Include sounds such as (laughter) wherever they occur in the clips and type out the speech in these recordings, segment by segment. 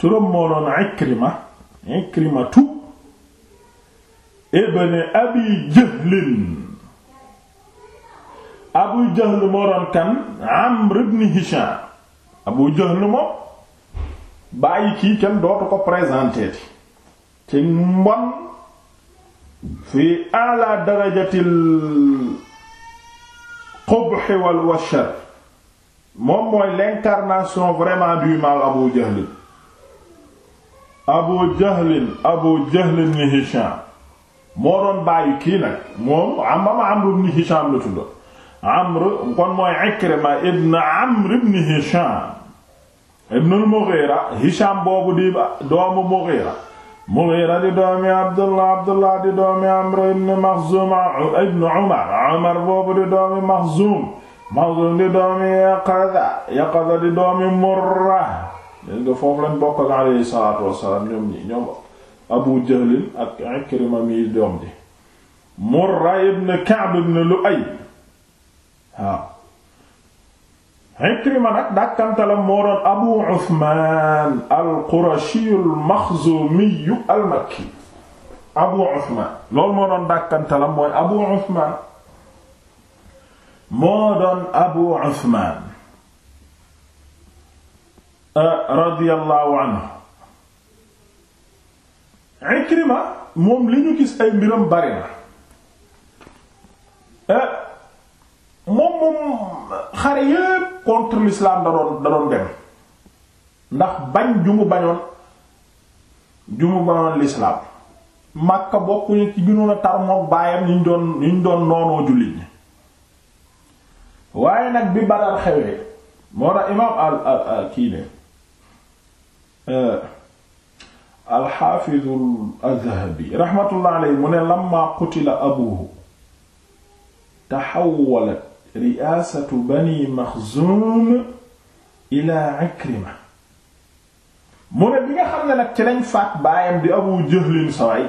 turam moo doon Ikrima Ikrimatu ibn Abi Jahlin Abu Jahl moo doon kan Amr ibn Abu Jahl moom bàyyi kii kenn dootu ko présenté ci mbon fi ala darajatil qubh wal washar moom mooy l'incarnation vraiment du mal Abu Jahl abu jahlin abu jahlin ni moo doon bàyyi kii nag moom amama amr ibn hisham la tudda amr kon mooy ikrima ibn amr ibn hisham ibn al mughira boobu di doomu mughira mughira di doomi abdullah abdullah di doomi amr ibn maxzum ibn umar umar boobu di doomi maxzum maxzum di doomi yaqaza yaqaza di doomi murra leen nga foofu lañ bokk ak alayhi salaatu wassalaam ñoom abu jahlin ak ikrima mi doom abu uthman al qurashi al abu uthman loolu moo doon abu uthman moo abu uthman Euh, radiyallahu anhu Ikrima moom li ñu gis ay mbiram bari na euh, moom moom xare yépp contre l'islam da doon da doon dem ndax bañ ju bañoon ju bañoon l'islam Makka bokkuñu ci gënoon a tar mook ñu doon ñu doon noonoo jullit ñi waaye nag bi Badar xewee moo tax imaam al al al Eh, alxaafizu aldahabi raxmatullah aley mu ne lamma qutila abuhu taxawalat riyaasatu bani maxzuum ila ikrima mu ne bi nga xam ne nag ci lañ faat baayam di abu jahlin saway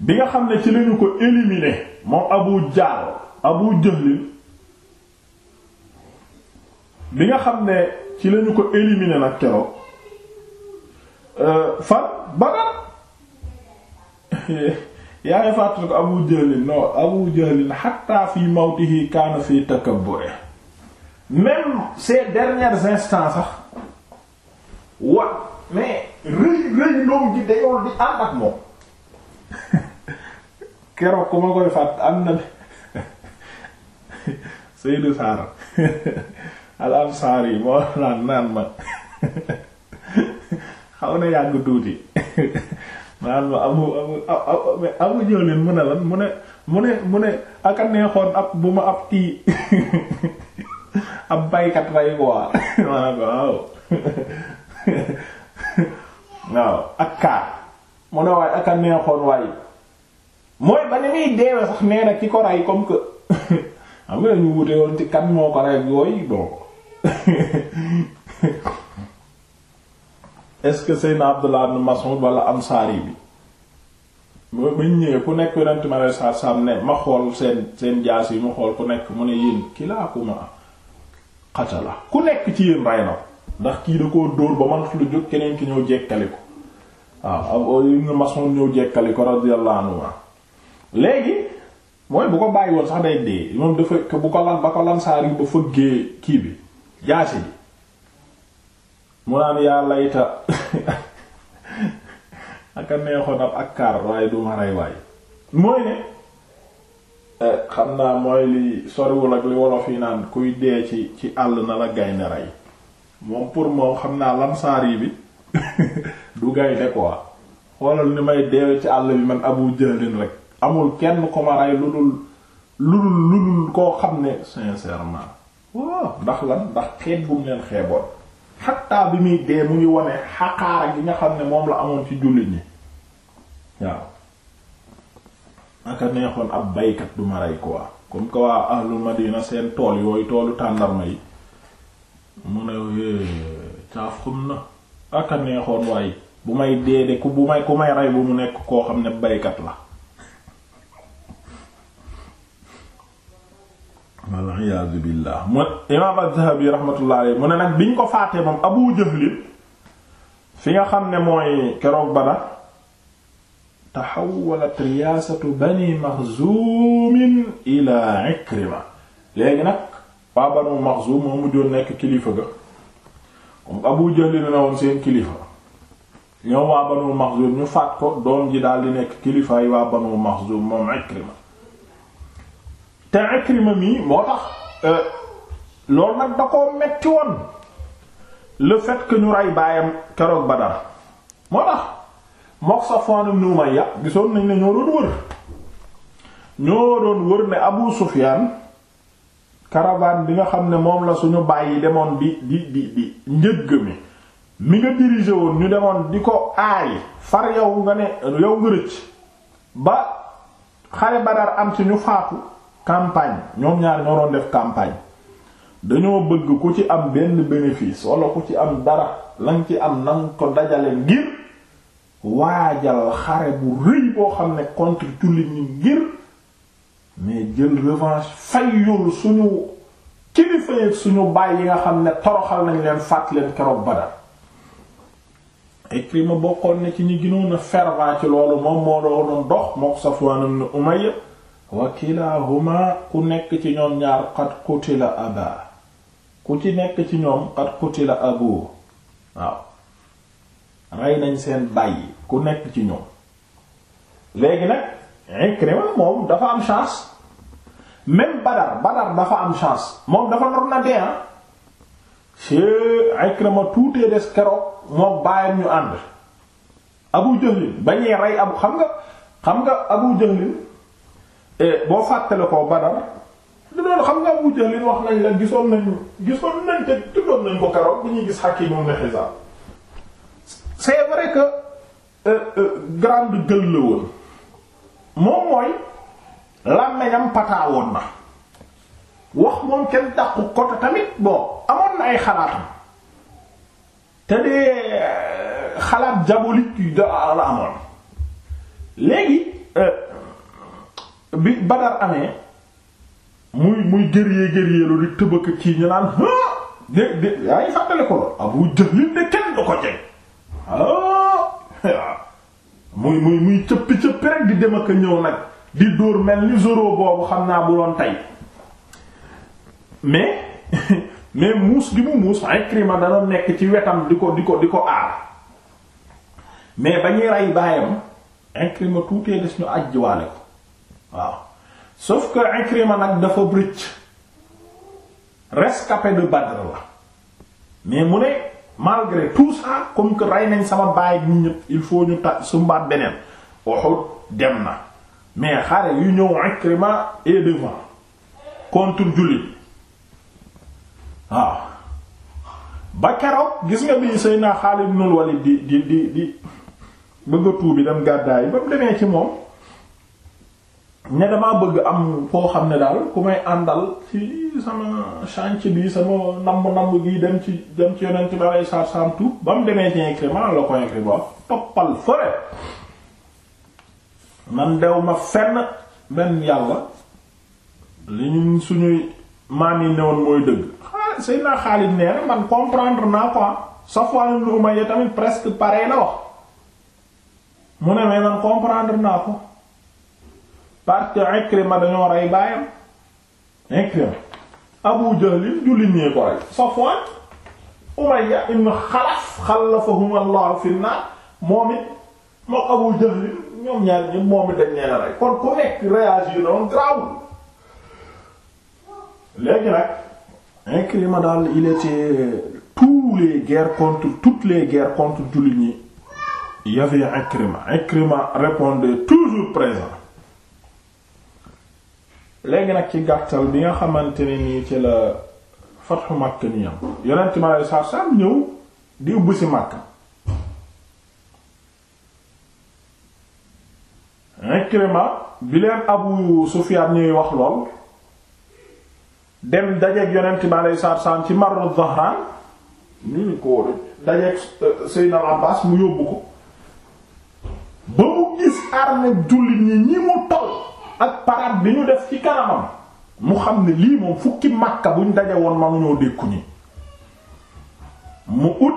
bi nga xam ne ci lañu ko éliminé moom abu jaal abu jahlin bi nga xam ne ci lañu ko éliminer nag keroog euh, fan Badar (laughs) yaa ngi fàttali ko Abu Jahlin non Abu Jahlin hatta fi mawtihi kaana fi takabbur même ces derniers instants sax wa mais rëy rëy loom gi dayool di ànd ak moom (laughs) keroog ku ma koy fàtt am na (laughs) Seydou Sarr al ansaari moo naan naan ma xaw na yàgg tuuti naan ma abu abu abu abu jëlin mu ne lan mu ne mu ne mu ne aka neexoon ab bu ma ab kii ab baykat rey ko waa waaw waaw ak kaar mu ne waaye aka neexoon waaye mooy ba ni muy deewe sax nee na ki ko rey comme que xam nga ñu wute woon ci kan moo ko rey yooyu bon (laughs) est-ce que Seydina Abdullah ibn Mas'ud wala Ansaari bi ba ba ñëwee ku nekk yonent ma lay saar saar ne ma xool seen seen jaas yi ma xool ku nekk mu ne yéen kilaakuma qatala ku nekk ci yéen rey na ndax kii da koo dóor ba man lu jóg keneen ki ñëw jekkali ko waaw ab ibn Mas'ud ñëw jekkali ko radiyallahu anhu léegi mooy bu ko bàyyi woon sax day dee moom dafa bu ko lan ba ko lan saar ba fëggee kii bi jaasi ji mu naan yaa layta aka neexoon ab akkaar waaye du rey waaye mooy ne eh, xam naa mooy li soriwul ak li wolof yi naan kuy dee ci ci àll na la gaynde rey moom pour moom xam naa lamsaar bi (laughs) du gaynde quoi xoolal ni may deewe ci àll bi man abu jëlin rek amul kenn ko ma rey lu dul lu dul lu dul koo xam ne sincèrement waaw oh. ndax lan ndax xeet bu mu leen xeeboon xattaa bi muy dee mu ngi wone xaqaara gi nga xam ne moom la amoon ci jullit ñi waaw aka neexoon ab baykat du ma ko quoi comme que waa ahlul madina seen tool yooyu toolu tàndarma yi mu ne eh, caaf xam na aka neexoon waaye bu may dee de ku bu may ku may rey bu mu nekk koo xam ne baykat la wal iyaazu billaah imaam az-Zahabi mu ne nag biñ ko faatee moom Abu Jahl fi nga xam ne mooy keroog Badar taxawalat riyaasatu bani Maxzuum ila Ikrima léegi nag waa banu Maxzuum moo mujjoon nekk kilifa ga comme Abu Jahl na woon seen kilifa ñoom waa banu Maxzuum ñu faat ko doom ji daal di nekk kilifaay waa banu Maxzuum moom Ikrima te Ikrima mii moo tax euh, loolu nag da koo metti woon le fait que ñu rey baayam keroog Badar moo tax mook Safwan ibn Umayya gisoon nañ ne ñoo doon wër ñoo doon wër ne Abu Sufyaan caravane bi nga xam ne moom la suñu bàyyi demoon di di di di njëgg mi mi nga dirigé woon ñu demoon di ko aay far yow nga ne yow nga rëcc ba xare Badar am ci ñu faatu campagne ñoom ñaar ñoo doon def campagne dañoo bëgg ku ci am benn bénéfice wala ku ci am dara lañ ci am nan ko dajale ngir waajal xare bu rëy boo xam ne contre jullit ñi ngir mais jël revanche fayyul suñu kilifa yi suñu baay yi nga xam ne toroxal nañ leen fàtt leen keroog Badar Ikrima bokkoon na ci ñi gënoon a fervent ci loolu moom moo doon dox mook Safwan ibn Umayya wa kilahuma ku nekk ci ñoom ñaar qad qutila aba ku ci nekk ci ñoom qad la abu waaw rey nañ seen bàyyi ku nekk ci ñoom léegi nag Ikrima moom dafa am chance même Badar Badar dafa am chance moom dafa nar na dee ah ci Ikrima tuutee des keroog moo bàyyam ñu ànd Abu Jahl bañee rey abu xam nga xam nga Abu Jahl Eh, boo fàttale ko Badar du doon xam nga Abu Jahl wax nañ la gisoon nañu gisoon nañ te tuddoon nañ ko keroog bi ñuy gis Hakim ibn Hizam c'est vrai que euh, euh, grande gueule la woon moom mooy làmmiñam pataawoon na wax moom kenn dàqu ko tamit bon amoon na ay xalaatam te de euh, xalaat diabolique yu da la amoon léegi. bi Badar amee muy muy gërëyee gërëyeelu di tëbëkk ci ñu naan de de yaa ngi fàttale ko lool Abu Jahl de kenn du ko jeg (laughs) muy muy muy cëppi rek di dem ak ñëw nag di dóor mel ni zoro boobu xam naa bu doon tey mais (laughs) mais muus gi mu muus Ikrima dana nekk ci wetam di ko di ko di ko aar mais ba ñuy rey baayam Ikrima tuutee des ñu àjjiwaale ko waaw sauf que Ikrima nag dafa rëcc rescapé de Badr la mais mu ne malgré tout ça comme que rey nañ sama baay bu ñëpp il faut ñu ta sumbaat beneen Uhud dem na mais xare yu ñëw Ikrima et devant contre jullit waaw ba keroog gis nga bi Seydina Xaalid ibn Walid di di di di bëgg a tuubi dem gàddaay ba mu demee ci moom ne damaa bëgg am koo xam ne daal ku may àndal ci sama chantier bi sama namb namb gi dem ci dem ci yonent bi alei satu salaam tout ba mu demee ci incrément la ko incrément toppal fëre man dew ma fenn benn yàlla li ñun suñuy maam yi newoon mooy dëgg xaa sëy naa Xaalid nee man comprendre naa quoi Safwan ibn Umayya tamit presque pareil na wax mu ne mais man comprendre naa ko parce que Ikrima dañoo rey baayam Ikrima Abu Jahl jullit ñee ko rey Safwan Umayya ibn Xalaf xalafahum Allah fi moom it moom Abu Jahl ñoom ñaar ñi moom it dañ leen rey kon ku nekk réagir noonu grawul léegi nag Ikrima daal il était tous les guerres contre toutes les guerres contre jullit ñi il y avait Ikrima Ikrima toujours présent léegi nag ci gàttal bi nga xamante ne nii ci la fatxu Makka ni am yonent mi aleyhi salaatu ñëw di ubbi si Makka Ikrima bi leen Abu Sufyaan ñuy wax lool dem dajeeg yonent mi aleyhi salaatu salaam ci Marru Zahraan ñu ni ko dajeeg euh, Seydina Abbaas mu yóbbu ko ba mu gis armée jullit ñi ñi mu toll ak parade bi ñu def ci kanamam mu xam ne lii moom fukki makka buñ daje woon manuñoo dékku ñi mu ut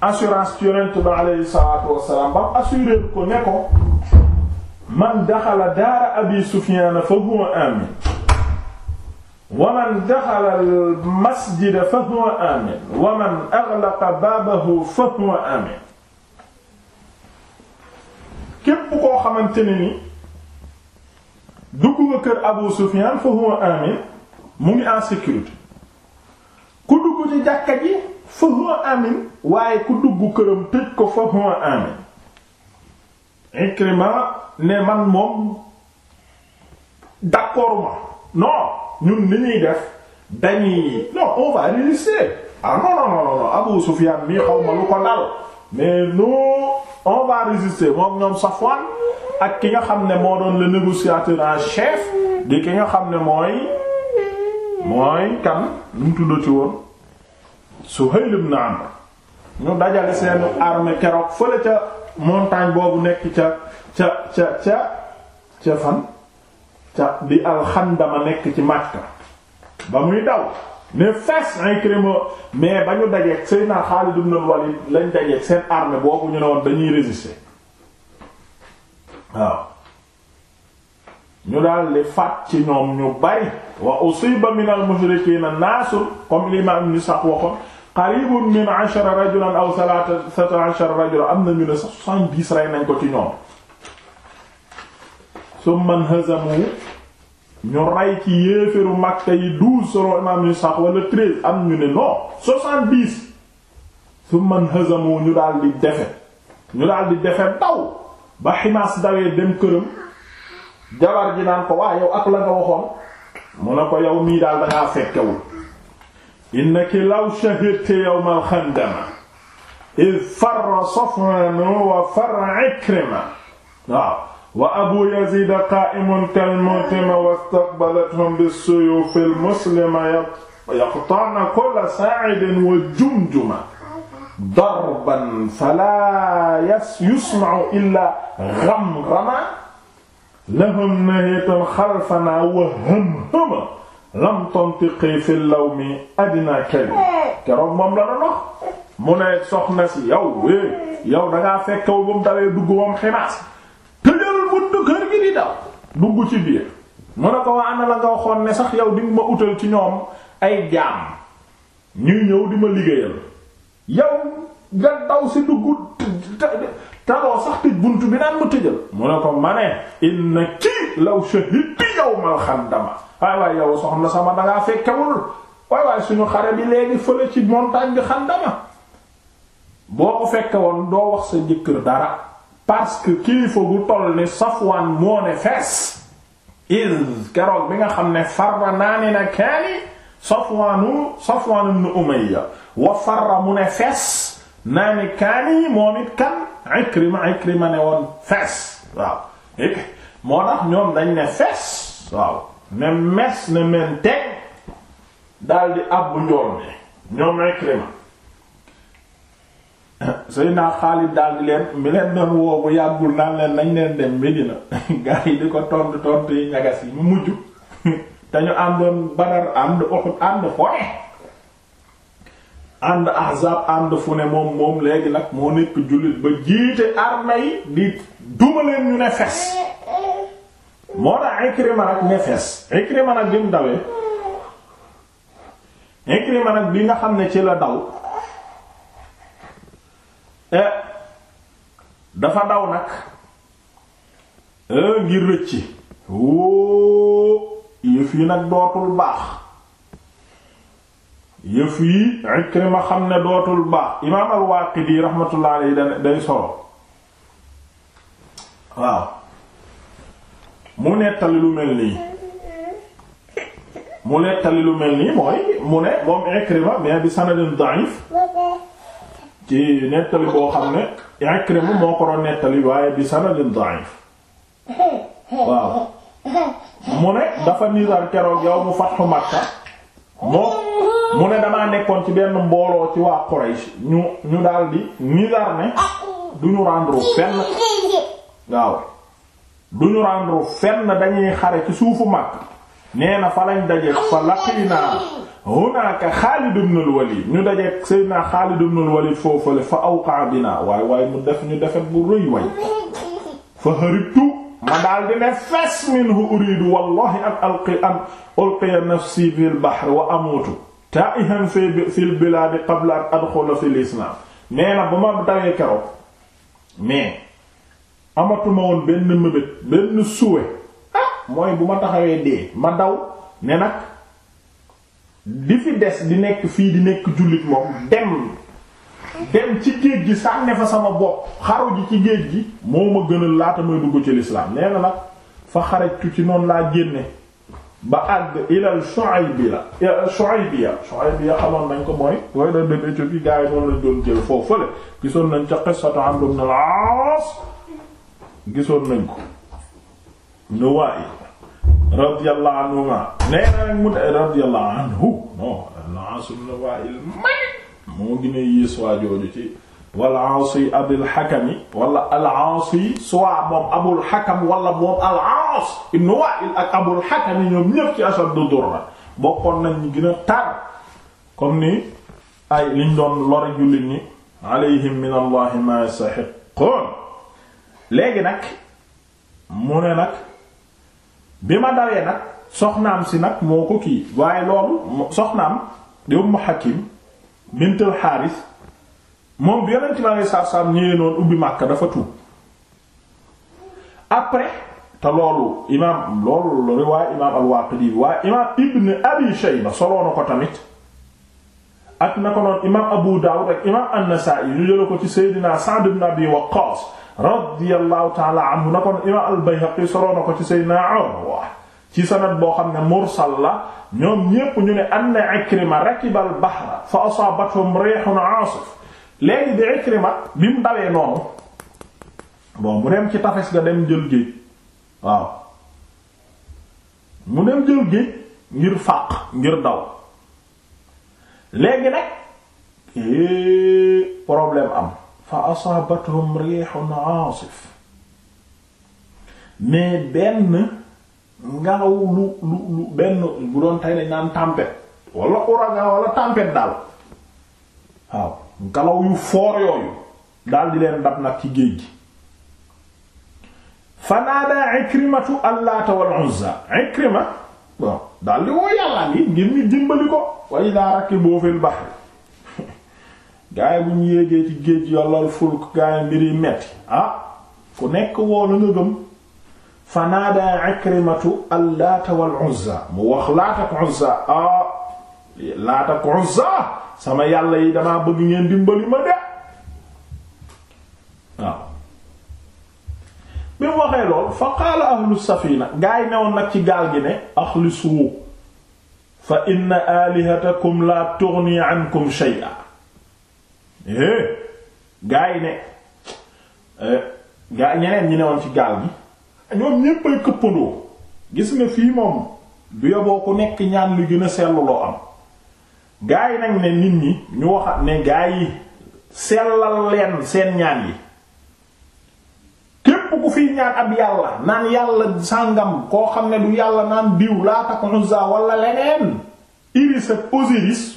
assurance ci yonent ba aleyhi salaatu wassalaam bam ko ne ko man daxala daara abi sufyaana fa huwa amin wa man daxala al masjida fa huwa amin wa man aghlaqa baabahu fa huwa amin képp koo xamante ne dugg nga kër Abu Sufyan fa huwa amin mu ngi en sécurité ku dugg ci jàkka ji fa huwa amin waaye ku dugg këram tëj ko fa huwa amin Ikrima ne man moom d'accord ma non ñun li ñuy def dañuy non on va résister ah non non non non Abu Sufyan mii xaw ma lu ko dal mais nous on va résister moom ñoom Safwan ak ki nga xam ne moo doon la négociateur en chef di ki nga xam ne mooy mooy kan lu mu tuddati woon Suhayl ibn Amr ñu dajale seen armée keroog fële ca montagne boobu nekk ca ca ca ca ca fan ca bi alxandama nekk ci Makka ba muy daw mais fes Ikrima mais ba ñu dajeeg Seydina Xaalid ibn Walid lañ dajeeg seen boobu ñu ne woon dañuy résister waaw ñu daal di faat ci ñoom ñu bari wa usiba min al mushrikiina naasun comme l'imam ni sax waxoon qaribun min ashara rajulan aw thalathata ashara rajulan am na ñu ne sax soixante rey nañ ko ci ñoom summa hazamu ñu rey ci yéeféru Makka yi douze selon imam ñu sax wala treize am ñu ne non soixante-dix summan hazamu ñu daal di defe ñu daal di defe daw ba ximaas dawee dem këram jabar ji naan ko waa yow ak la nga waxoon mu ne ko yow mii daal dangaa fekkewul innaki law shahidta yawmal xandama id farra safwan wa farra ikrima wa abu yazid qa'imun kal-mu'tama wastaqbalathum bis-suyuf al-muslima yaqta'na kulla sa'idin wa jumjuma darban fala yusma'u illa ghamrama lahum nahitun xalfanaa wa hamhama lam tantiqi fi lawmi adnaa kalima keroog moom la doon wax mu ne soxna si yow eh yow da ngaa fekk ba mu dawee dugg moom ximaas buntu kër gi di dugg ci biir mu ne ko waa ana la nga waxoon ne sax yow di ma utal ci ñoom ay jaam ñuy ñëw di ma liggéeyal yow nga daw si dugg taloo sax tëj bunt bi naan ma tëjal mu ne ko ma ne inna kii law shahidti yawmal xandama waay waay yow soxna sama dangaa fekkewul waay waay suñu xare bi léegi fële ci montagne bi xandama boo ko fekke doo wax sa jëkkër dara parce que kilifa gu toll ni Safwan moo ne fees iz keroog bi nga xam ne farra naani na kaani Safwaanu Safwaan ibn Umayya wa farra mu ne fees naani kaani moom it kan Ikrima Ikrima ne woon fees eh, moo tax ñoom dañ ne fees ne mes ne men teg daal di abbu njool ne ñoom Ikrima Seydina Xaalid daal di leen mi leen doon woo yàggul naan leen nañ leen dem Medina (laughs) gaa yi di ko tontu tontu yi ñagas yi mu mujj (laughs) te ñu àndoon Badar ànd Uhud ànd fone ànd Ahzab ànd fu ne moom moom léegi nag moo nekk jullit ba jiite armée yi di duma leen ñu ne fes moo tax Ikrima nag ne fes Ikrima nag bi mu dawee Ikrima nag bi nga xam ne ci la dal Eh, dafa daw nag eh, ngir rëcc wóo yëf yi nag dootul baax yëf yi Ikrima xam ne dootul baax imaam al-Waaqidi rahmatullah alayhi day solo waaw mu nettali lu mel nii mu nettali lu mel nii mooy mu ne moom Ikrima mais bi sanadin da'if ci nettali boo xam ne Ikrima moo ko doon nettali waaye bi sana da'if waaw mu ne dafa nisar keroog yow mu fatxu Makka moo mu ne damaa nekkoon ci benn mbooloo ci waa Quraysh ñu ñu daldi nisar ne duñu rendre fenn waaw duñu rendre fenn dañuy xare ci suufu Makka nee na fa lañ daje fa laqinaa hunaaka Xaalid ibn al-Walid ñu daje Seydina Xaalid ibn al-Walid foofale fa awqaa binaa waaye waaye mu def ñu defet bu rëy way fa haribtu ma daal di ne fes minhu uridu wallahi an alqi an ulqiya nafsi fil bahr wa amutu taa'ihan fil bilaadi qabla an adxula fil islaam nee na ba ma dawee keroog mais amatuma woon benn mébét benn suwe mooy bu ma taxawee dee ma daw ne nag di fi des di nekk fii di nekk jullit moom dem dem ci géej gi sànne fa sama bopp xaru ji ci géej gi moo ma gënal laata may dugg ci lislaam nee na nag fa xarajtu ci noonu laa génne ba àgg ilal Shuaybiya Shuaybiya Shuaybiya xamoon nañ ko mooy booy da dem Éthiopie gars yi noonu lañ doon jël foofu fële gisoon nañ ca qissatu Amr ibn al-Aas gisoon nañ ko Nuwaay radiyallahu anhuma nee na nag mu tey radiyallahu anhu non al-Aas ibn Waa'il may moo gën a yées waa jooju ci wal-Aas Abul Hakam wala al-Aas soit moom Abul Hakam wala moom al-Aas ibn Waa'il ak Abul Hakam ñoom ñëpp ci ashaddu durra bokkoon nañ ñu gën a tar comme ni ay liñ doon lor jullit ñi alayhim min Allah ma yastahiqun léegi nag mu ne nag bi ma dawee nag soxnaam si nag moo ko kii waaye loolu soxnaam di Ummu Hakim bintul Xaaris moom bi yonent bi aleyhi salaatu salaam ñëwee noonu ubbi Makka dafa tuub après te loolu imaam loolu riwaay imaam al-Waaqidi waaye imaam Ibn Abi Shayba soloo na ko tamit ak na ko imaam Abu Dawud ak imaam An-Nasa'i ñu jëla ko ci Seydina Sa'd ibn Abi Waqqas radiyallahu ta'ala anhu na imaam Al-Bayhaqi soroo na ko ci Seydina Urwa ci sanad boo xam ne mursal la ñoom ñépp ñu ne anna Ikrima rakiba al fa asaabathum riihun 'aasif léegi di Ikrima bi mu dalee noonu bon mu dem ci tafes ga dem jël géej waaw mu dem jël géej ngir fàq ngir daw léegi nag eh, problème am fa asaabathum riihun aasif mais benn ngelaw lu lu lu benn bu doon tey dañ naan tempête wala ouragan wala tempête daal waaw ngelaw yu foor yooyu daal di leen dab nag ci géej gi fa naadaa Ikrimatu Allaata wal Uzza waaw daal di woo yàlla yi ngir ñu dimbali ko wa idaa rakibu fil bahri gaa yi bu ñu yéegee ci géej yollal fulk gaa yi mbir metti ah ku nekk woo la nga gëm fa naadaa Ikrimatu al Laata wal Uzza mu wax Laata ak Uzza ah Laata ak Uzza sama yàlla yi damaa bëgg ngeen dimbali ma de bi mu waxee lool fa qaala ahlu safina gaa yi newoon nag ci gaal gi ne axlisu fa inna alihatakum la tughni ankum shay'a é eh, gaa ne eh, gaa ñeneen ñi newoon ci gaal gi ñoom ñépp këppandoo gis nga fii moom du yoboo ku nekk ñaan lu gën a sellu loo am gaa yi nag ne nit ñi ñu wax ne gaa yi sellal leen seen ñaan yi ku fi ñaan ab yàlla naan yàlla sàngam koo xam ne du yàlla naan diw Laat ak Uzza wala leneen Iris ak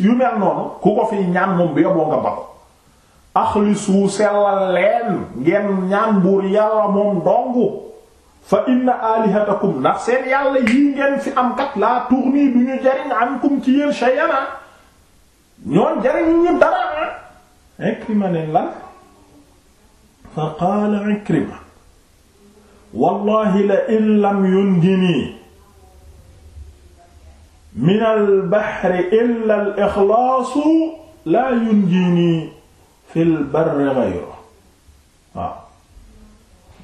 yu mel noonu ku ko fi ñaan moom bi yoboo nga bako sellal leen ngeen ñaan buur yàlla moom dongu fa inna alihatakum ndax yàlla yii ngeen fi am kat laa tournii du ñu jariñ ankum ci yéen ñoon jariñ ñu dara Ikrima ne la fa qaala wallahi la in lam yundini min albahri illa al ixlaasu laa yundini fi lbarri gayru waaw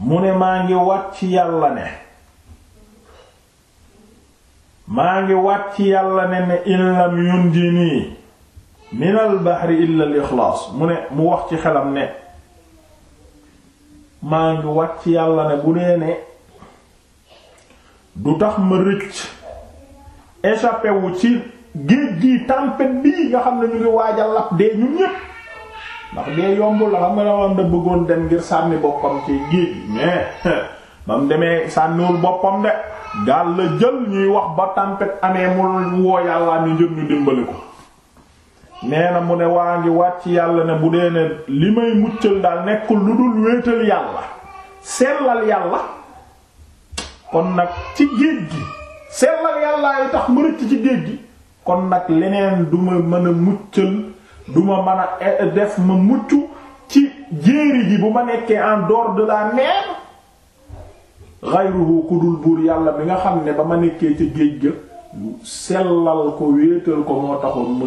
mu ne maa ngi wat ci yàlla ne maa ngi wat ci yàlla ne ne in lam yundini min albahri illa al ixlaas mu ne mu wax ci xelam ne maa ngi wàcc yàlla ne bu dee ne du tax ma rëcc échappé ci géej gi tempête bii nga xam ne ñu ngi waaja a lap dee ñun ñépp ndax dee yombul la xam nga la da bëggoon dem ngir sànni boppam ci géej gi mais (laughs) ba mu demee sànniwul boppam de gaal la jël ñuy wax ba tempête amee mu woo yàlla ñu jëm ñu dimbali ko nee na mu ne waa ngi wàcc yàlla ne bu dee ne li may muccal daal nekkul lu dul wéetal yàlla sellal yàlla kon nag ci géej gi sellal yàllaa tax ma ci géej gi kon nag leneen du ma mën a muccal du ma mën a eh, def ma mucc ci jéeri ji bu ma nekkee en dehors de la mer ghayruhu ku dul buur yàlla bi nga xam ne ba ma nekkee ca géej ga sellal ko wéetal ko moo taxoon ma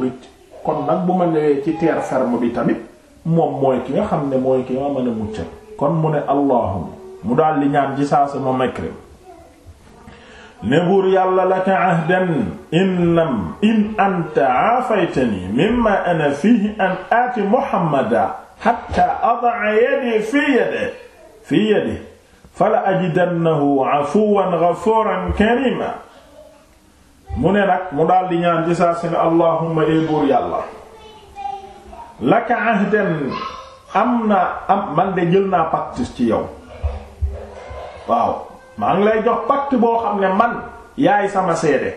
kon nag bu ma ci terre ferme bi tamit moom mooy ki nga xam ne mooy ki nga mën a muccal kon mu ne allahuma mu daal li ñaan ci saa sama makrim ne buur yàlla laka ahdan in lam in anta aafaytani mimma ana fihi an aati muhammada hatta adaa yadi fi yadi fi yadi fala ajidannahu afuwan ghafuran karima mu ne nag mu daldi di ñaan ci saa si ne allahumma yàlla laka ahden am naa am man de jël naa pacte ci yow waaw ma ngi lay jox pacte boo xam ne man yaay sama seede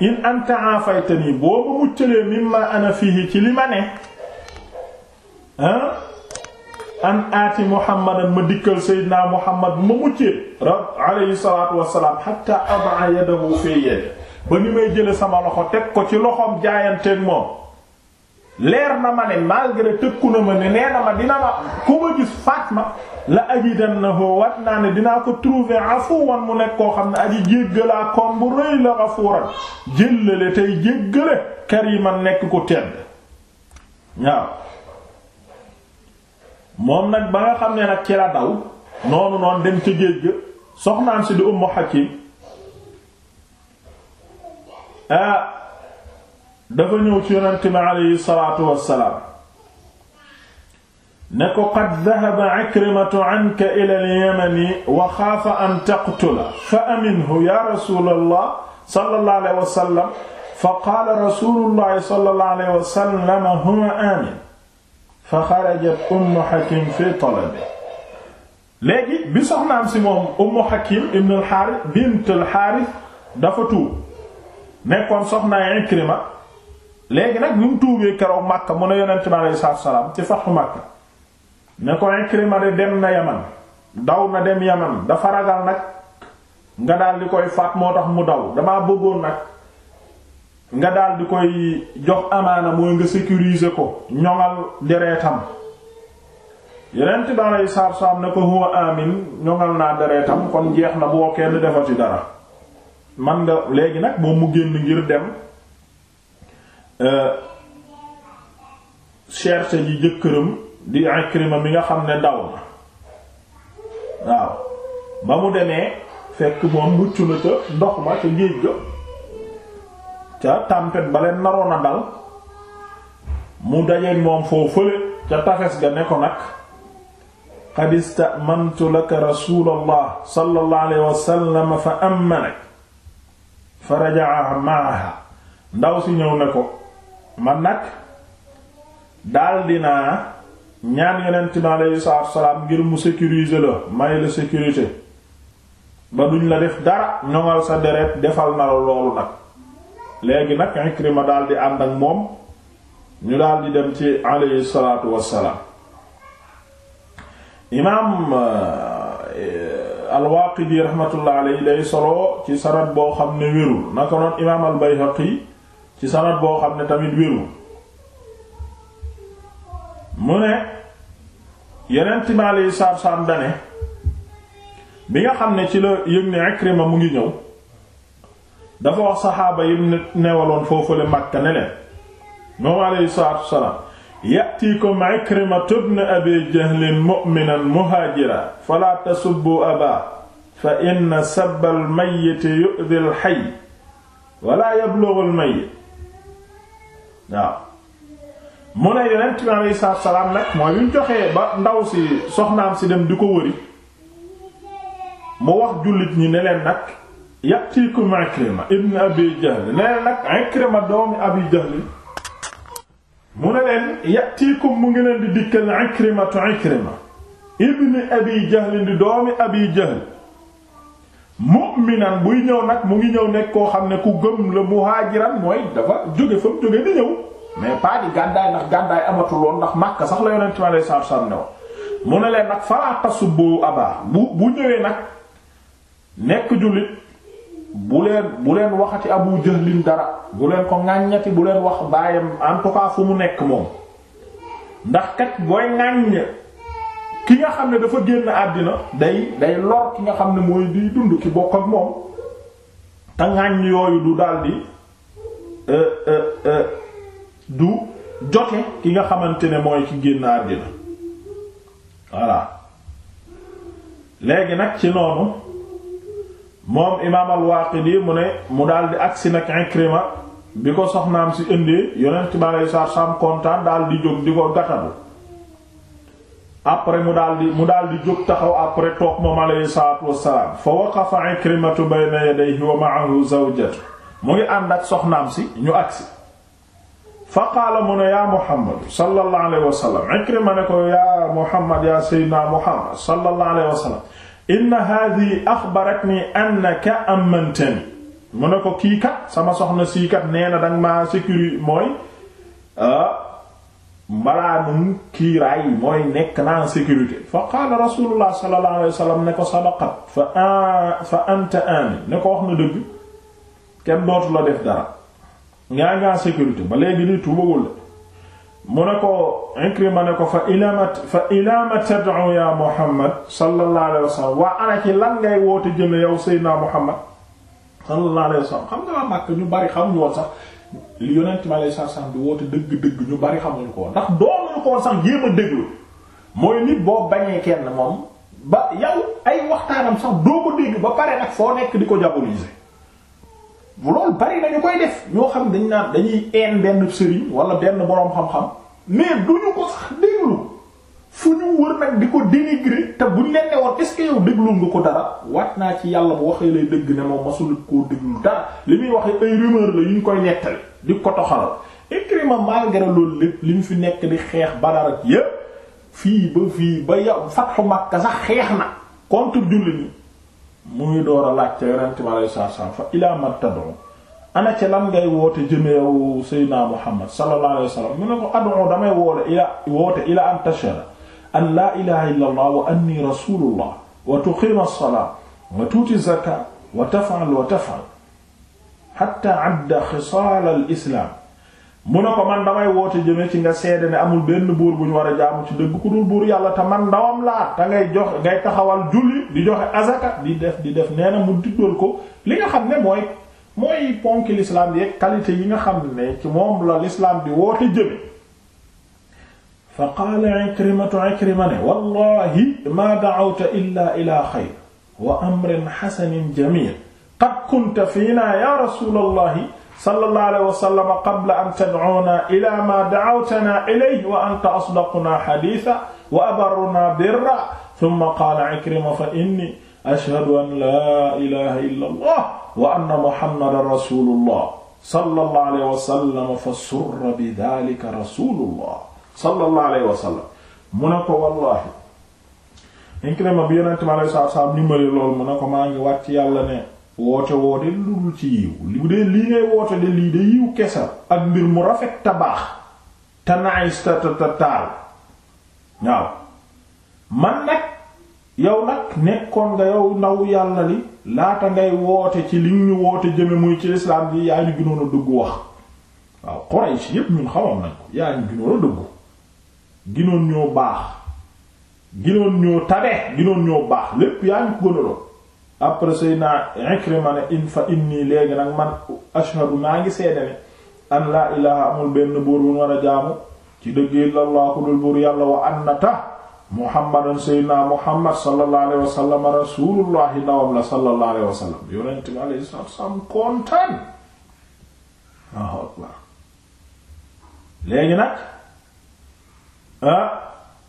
in anta afaytani boo ma muccalee mimma ana fihi ci li ma ne ah, an aati muhammadan ma dikkal seydinaa muhammad ma muccee rab alayhi salaatu wassalaam hatta ab'a yadahu fi yadihi ba ni may jële sama loxo teg ko ci loxoom jaayanteeg moom leer na ma ne malgré tëkku na ma ne nee na ma dina ma ku ma gis faat ma la ajidannahu wat naa ne dinaa ko trouver afuwan mu nekk koo xam ne aji jéggalaa koom bu rëy la ghafuran jëllale nekk ku tedd waaw moom nag ba nga xam ne nag ci la daw noonu noonu dem ca géej ga soxnaan si di Ummu Hakim ah dafa ñëw ci yonent bi aleyhi salaatu wassalaam ne ko qad dahaba Ikrimatu anka ila al-Yaman wa xaafa an taqtula fa aminhu ya rasulallah sallallahu alayhi wa sallam fa qaala rasulullah sallallahu alayhi wa sallam huwa aamin fa xarajat Ummu Hakim fi talabi léegi bi soxnaam si moom Ummu Hakim ibn al-Harith bint al-Harith dafa tuub nekkoon soxnaay Ikrima léegi nag bi mu tuubee keroog Makka mu ne yonent bi aleyhi salaam ci fathu Makka ne ko Ikrima de dem na Yaman daw na dem Yaman dafa ragal nag nga daal di koy faat moo tax mu daw damaa bëggoon nag nga daal di koy jox amaana mooy nga sécuriser ko ñoŋal dereetam yonent bi aleyhi salaam ne ko huwa amin ñoŋal naa dereetam kon jeex na boo kenn defati dara man nga léegi nag moom mu génn ngir dem euh, chercher ji jëkkëram di Ikrima mi nga xam ne daw na waaw ba mu demee fekk moom mucc na ca ndox ma ca géej ga ca tempête ba leen naroon a dal mu dajeek moom foo fële ca tafes ga ne ko nag qad ista'mantu laka rasulallah sallallahu alayhi wa sallam fa ammanak fa rajaa maaha ndaw si ñëw ne ko man nag daal dinaa ñaan yonent bi aleyhi salaatu salaam ngir mu sécuriser la may la sécurité ba duñ la def dara ñoŋal sa deret defal na la loolu nag léegi nag Ikrima daal di ànd ak moom ñu daal di dem ci aleyhi salaatu wassalaam imaam al-Waaqidi rahmatullah alayhi day solo ci sanad boo xam ne wérul naka noon imaam al-Bayhaqi ci sanad boo xam ne tamit wérul mu ne yeneen timaale yi saab dane bi nga xam ne ci la yëg ne Ikrima mu ngi ñëw dafa wax saxaaba yi mu newaloon foofu la Makka ne leen moom alayhi salaatu salaam ya'tiikum Ikrimatu ibn Abi Jahlin mu'minan muhaajira falaa tasubbu abaahu fa inna sabba al-mayyiti yu'dhi al-hayy wa waaw mu ne Yonent bi salaam nag mooy bi joxee ba ndaw si soxnaam si dem di ko wëri mu wax jullit ñi ne nag ya'tiikum Ikrima ibn Abi Jahl nag Ikrima doomi Abi mu ne leen yatiikum mu ngi leen di dikkal ikrimatu ikrima ibni abi jahl di doomi abi mu mu'minan buy ñëw nag mu ngi ñëw nekk koo xam ne ku gëm la muhaajiran mooy dafa jóge fa mu jóge di ñëw mais pas di gàddaay ndax gàddaay amatul woon ndax Makka sax la yonent mi alayhi salaatu salaam ne woon mu ne leen nag falaa bu abaa bu bu ñëwee nag nekk jullit bu leen bu leen waxati abu jahlin dara bu leen ko ŋàññati bu leen wax baayam en fu mu nekk moom ndax kat booy ŋàññ ki nga xam ne dafa génn àddina day day lor ki nga xam ne mooy di dund ki bokk moom te ŋàññ yooyu du daldi euh, euh, euh, du jote ki nga xamante ne mooy ki génn àddina voilà léegi nag ci noonu moom imaam al-Waaqidi mu ne mu daal di agsi nag Ikrima bi ko soxnaam si indee yonent bi alayhi salaatu kontaan daal di jóg di ko gàttalu après mu dal di mu daal di jóg taxaw après toog moom alayhi salaatu wassalaam fa waqafa Ikrimatu bayna yadayhi wa ma'ahu zawjatu mu ngi ànd ak soxnaam si ñu agsi fa qaala mu ne yaa Muhammad sallallahu alayhi wa ne ko yaa Muhammad yaa Seydina Muhammad sallallahu alayhi wa inna haadi axbaratni annaka ammantani mu ne ko kii kat sama soxna sii kat nee na danga sécurité mooy mbalaanum ah, kiiraay mooy nekk na en sécurité fa qaala rasulullah sallallahu alayhi wasallam ne ko sadaqat fa anta amin ne ko wax na dëgg kenn dootu la def dara ngaa ngaa sécurité ba léegi ni tuubawul mu ne ko Ikrima ne ko fa ilamat fa ilama tad'u ya Muhammad sallallahu alayhi wa sallam waa ana ci lan ngay woote jëme yow Seydina Muhammad sallallahu alayhi wa sallam xam nga waa ñu bari xamuñu woon sax li yonent mi alayhi salaam bi woote dëgg-dëgg ñu bari xamuñu ko woon ndax doomuñu ko sax jéem a déglu mooy nit boo bañee kenn moom ba yow ay waxtaanam sax doo ko dégg ba pare nag foo nekk di ko diaboliser loolu bari ñu koy def ñoo xam dañ naan dañuy een benn sëriñ wala benn boroom xam-xam mais duñu ko sax déglu fu ñu wër nag di ko dénigrer te bu leen ne woon est ce que yow nga ko dara wat naa ci yàlla bu waxee lay dëgg ne moom masul koo déglu dara li muy waxee ay rumeur la yu ñu koy nettali di ko toxalal Ikrima malgré loolu lépp li ñu fi nekk di xeex Badar ak yépp fii ba fii ba yow Fathu Makka sax xeex na contre jullit ñi mu ngi door a laaj ca yonent bi alayhi salaatu salaam fa ilaa man tad'u ana ca lan ngay woote jëmeew Seydina Muhammad sallallahu alayhi wasallam mu ne ko ad'u damay woole ilaa woote ilaa an tashhada an laa ilaha illa allah wa anni rasulullah wa tuqiima as-salaa wa tuuti zakaa wa taf'al wa taf'al hatta abda xisaal al-islaam mu na ko man damay woote jëme ci nga seede ne amul benn buur bu ñu war a jaamu ci dëgg ku dul buur yàlla te man ndawam laa te ngay joxe ngay taxawal julli di joxe azaka di def di def nee na mu ko li nga xam ne mooy mooy ponki l'islam bi yeeg qualité yi nga xam ne ci moom la l'islam di woote jëme fa qaala ikrimatu ikrima ne wallahi maa da'awta illa ila xayr wa amrin sallallahu alayhi wa sallam qabla an tad'una ila ma da'awtana ilayhi wa anta asdaquna haditha wa abarruna birra thumma qala ikrima fa inni ashhadu an la ilaha illa allah wa anna muhammadan rasulullah sallallahu alayhi wa sallam fa surra bi dhalika rasulullah sallallahu alayhi wa sallam mu ne ko wallahi ikrima bi yonente mi alayhi salaatu wa salaam ni mari lool mu ne ko maa ngi wàcc yàlla ne woote woote lu dul ci yiw li bu lii ngay woote de lii de yiw kesa ak mbir mu rafet tabaax baax te nice ta man nag yow nag nekkoon nga yow ndaw yàlla li laata ngay woote ci li ñu woote jëme muy ci lislaam bi yaa ñu gënoon a dëggu wax waaw Quraysh yépp ñun xamoon nañ ko yaa ñu gënoon a dëggu ginoon ñoo baax ginoon ñoo tabe ginoon ñoo baax lépp yaa ñu ko gënoon après Seydina Ikrima ne in inni léegi nag man ashhadu maa ngi seede ne an laa ilaha amul benn buur bu war jaamu ci dëgg illallah ku dul buur yàlla wa annata muhammadan muhammad sallallahu alayhi rasulullahi ndawam la sallallahu alayhi wa sallam yonent bi alayhi salaatu salaam kontaan waaw akbar ah,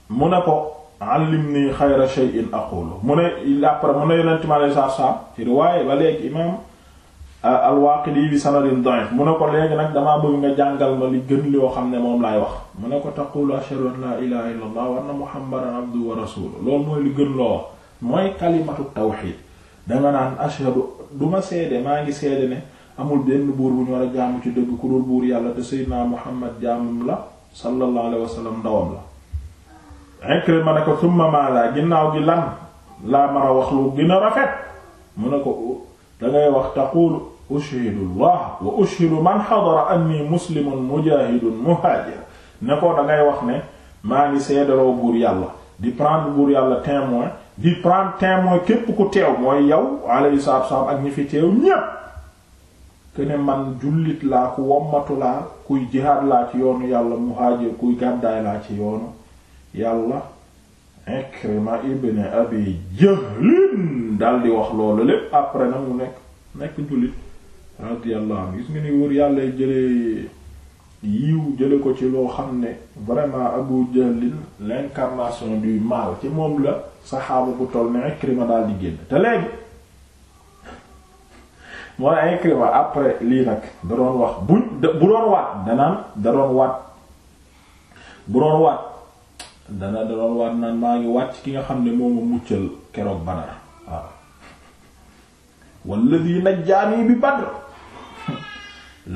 mu ne ko allimni xayra shay'in aqulu mu ne après mu ne yonent mi alayhi salaatu salaam ci riwaaye ba léegi imaam euh, al-Waaqidi bi sanadin da'if mu ne ko léegi nag damaa bëgg nga jàngal ma li gën li xam ne moom laay wax mu ne ko taqulu ashhadu an laa ilaaha illallah wa anna muhammadan abduhu wa rasuluhu loolu mooy li gën loo wax mooy kalimatu tawxiid danga naan ashhadu du ma seede maa ngi seede ne amul benn buur bu ñu war a jaamu ci dëgg ku dul buur yàlla te sayyidina muhammad jaamum la sallallahu alayhi wa sallam ndawam Ikrima ne ko summa maala ginnaaw gi lan laa ma a wax lu gën rafet mu ne ko oh, dangay wax taqulu ushidu waa wa ushidu man xadara anni muslimun mujahidun muhajir ne ko dangay wax ne maa ngi seedaroo buur yàlla di prendre buur yàlla témoin di prendre témoin képp ku teew mooy yow alayhi salaatu wassalaam ak ñi fi teew ñépp ke ne man jullit laa ku wommatu laa kuy jihaad laa ci yoonu yàlla muhajir kuy gàddaay laa ci yoonu yàlla Ikrima ibn Abi Jahlin dal di wax loolu lépp après nag mu nekk nekk jullit radiyallahu anhu gis nga ni wër yàlla jëlee yiw jële ko ci loo xam ne vraiment Abu Jahlin l'incarnation du mal ci moom la saxaaba bu toll ne Ikrima daal di génn te léegi mooy Ikrima après lii nag da doon wax bu doon waat danaan da doon waat bu doon waat dana doon waat naan maa ngi wàcc ki nga xam ne moo ma muccal keroog Badar waaw walladhi najjaani bi Badr (laughs)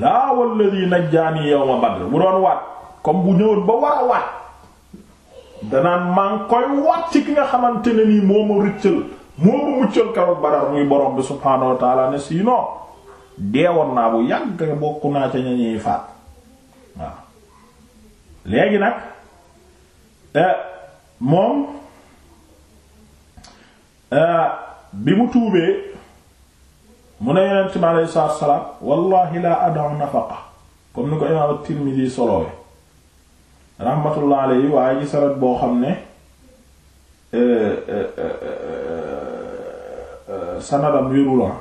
laa walladhi najjaani yawma Badr bu doon waat comme bu ñëwoon ba war waat danaan maa ngi koy waat ki nga xamante ne nii moo ma rëccal moo ma muccal keroog Badar muy borom bi subhaanahu wa ne sinon deewoon naa bu yàgg bokk naa ca ña faat waaw léegi nag. Eh, moom eh, bi mu tuubee mu ne yonent bi aleyhi salaatu wa salaam wallahi laa ad'u nafaqa comme ni ko imaam at-Tirmidhi solowee rahmatullah aleyhi waaye ci sarat boo xam ne eh, sanadam wérulan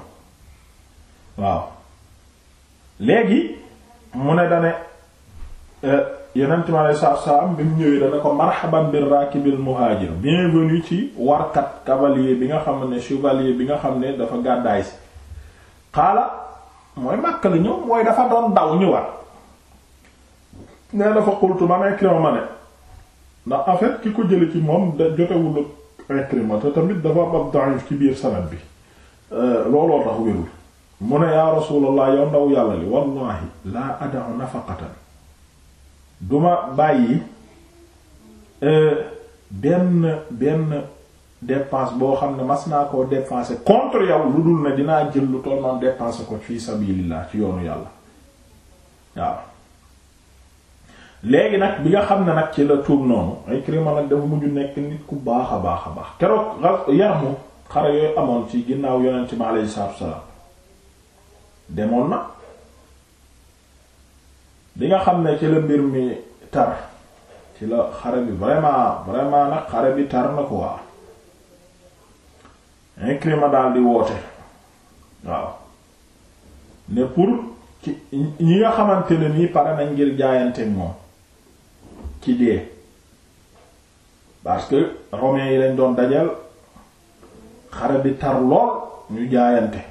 waaw léegi mu ne dane yeneen mi alei saatu bi mu ñëwee dana ko marhaban bir rakibil muhajir yi ci warkat cavalier bi nga xam ne chevalier bi nga xam ne dafa gàddaay si xaala mooy màkk la ñëw mooy dafa doon daw ñu war nee dafa xultu ma ne ndax en fait ki ko jële ci moom da jotewul Ikrima te tamit dafa am da'if ci biir sanad bi euh, looloo tax wérul mu ne yaa Rasulullah yow ndaw yàlla li wallahi laa ada'u nafaqatan duma bàyyi euh, benn benn dépense boo xam ne mas naa koo dépenser contre yow lu dul ne dinaa jël lu toll noonu dépenser ko fi sabilillah ci yoonu yàlla waaw léegi nag bi nga xam ne nag ci la tuub noonu Ikrima nag dafa mujj nekk nit ku baax a baax a baax keroog Yarmuk xare yooyu amoon ci ginnaaw yonent mi alayhi salaam demoon na li nga xam ne ci la mbir mi tar ci la xare bi vraiment vraiment nag xare bi tar na ko waa Ikrima daal di woote waaw ne pour ci ñi nga xamante ne nii pare nañ ngir jaayante moom ki dee parce que romains yi lañ doon dajal xare bi tar lool ñu jaayante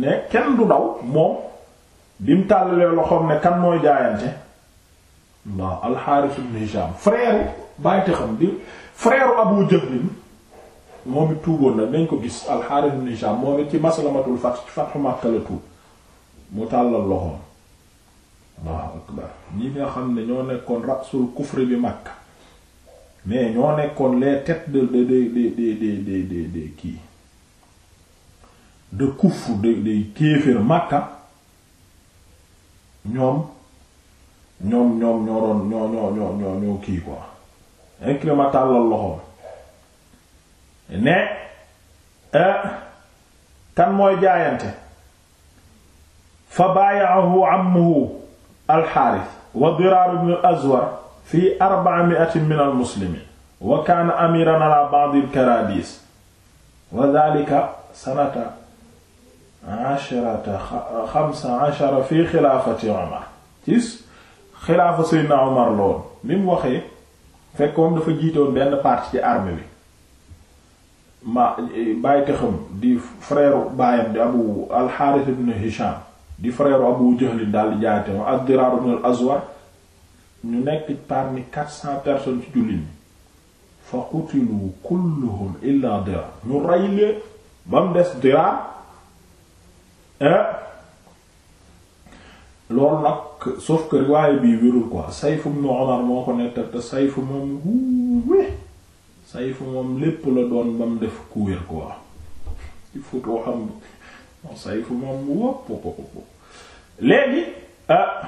ne kenn du daw moom bi mu tàllalee loxoom ne kan mooy jaayante waaw alxaaris ibn Hisham frère bàyyi xam di frère Abu Jahl moom it tuuboon na nañ ko gis alxaaris ibn moom it ci maslamatul fath ci fathu Makka la tuub mu tàllal loxoom waaw akbar ñi nga xam ne ñoo nekkoon rasul kufri bi Makka mais ñoo nekkoon les têtes de de de de de de de de kii de kufr de de kéefër Makka ñoom ñoom ñoo doon ñoo ñoo ñoo ne eh, kan mooy jaayante fa baayaahu alxaaris wa diraar azwar fi arba'ati min almuslimiin wa ala ba'd alkaraadis wa sanata asharata xamsa ashara fi xilaafati Umar ci xilaafa Seydina Umar lool li waxee fekkoon dafa jiitoon benn partie ci armée bi ma bàyyi taxam di frère baayam di abu al-Harith ibn Hisham di frère abu Jahl daal di ak Diraar ibn azwar ñu nekk parmi quatre ci jullit ñi fa qutilu kulluhum illa Diraar ñu rey leen ba mu des Diraar Eh? loolu nag sauf que riwaaye bii wérul moo ko nettal te Sayf moom wuuwe Sayf lépp la doon bam def ku wér quoi il faut que xam Sayf moom wopp léegi eh,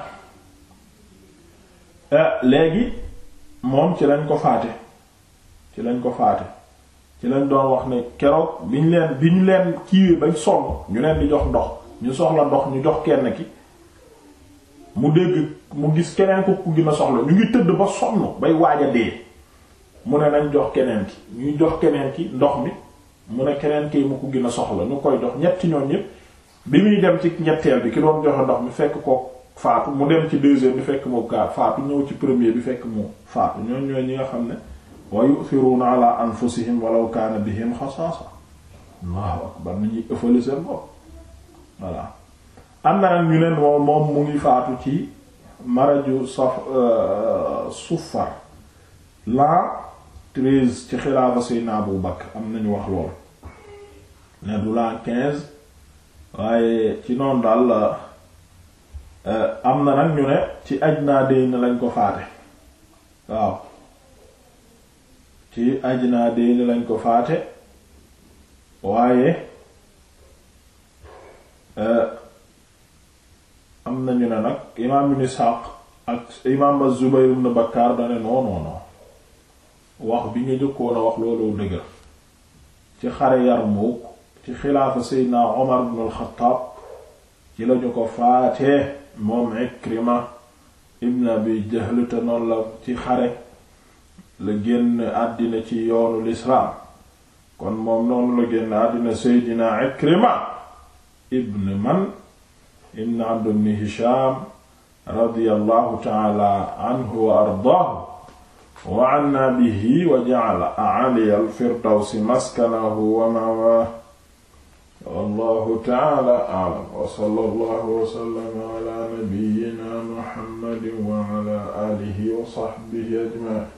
eh, léegi moom ci lañ ko faate ci lañ ko faate ci lañ doon wax ne keroog bi ñu leen bi ñu leen kiiwee bañ sonn ñu leen di jox ndox ñu soxla ndox ñu jox kenn ki mu dégg mu gis keneen ko ku gën a soxla ñu ngi tëdd ba sonn bay waaj dee mu ne nañ jox keneen ki ñuy jox keneen ki ndox mi mu ne keneen ki mu ku gën a soxla ñu koy jox ñetti ñoon ñépp bi muy dem ci ñetteel bi ki doon joxe ndox mi fekk ko faatu mu dem ci deuxième bi fekk mu gaar faatu ñëw ci premier bi fekk mu faatu ñoon ñooy ñi nga xam ne wa yu'thiruna ala anfusihim walaw kana bi xasaasa Allahu akbar nañuy ëffale seen bopp voilà am na nag ñu ne moom moom mu ngi faatu ci maraju saf euh, suffar l'an treize ci xilaafa Seydina Abu Bakr am nañu wax lool ne du l'an quinze waaye ci noonu daal euh, am na nag ñu ne ci aj naa déy na lañ ko faate waaw ci aj naa déy na lañ ko faate waaye Euh, am nañu ne nag imaam ibn Isxaaq ak imaam az-Zubayr ibn Bakkaar dane non wax bi nga jëkkoon a wax looloo dëgër ci xare Yarmuuk ci xilaafa Seydina Omar ibn al ci lañu ko faatee moom Ikrima ibn Abi Jahl te la ci xare la génn àddina ci yoonu lislaam kon moom noonu la génn àddina Seydina Ikrima ibn man ibn abd ibn hisham radiyallahu ta'ala anhu wa ardaahu wa anna bihi wa ja'ala a'ali al-firdawsi maskanahu wa ma'waahu wallahu ta'ala a'lam wa sallallahu wa sallama ala nabiyyina muhammadin wa ala alihi wa sahbihi ajma'in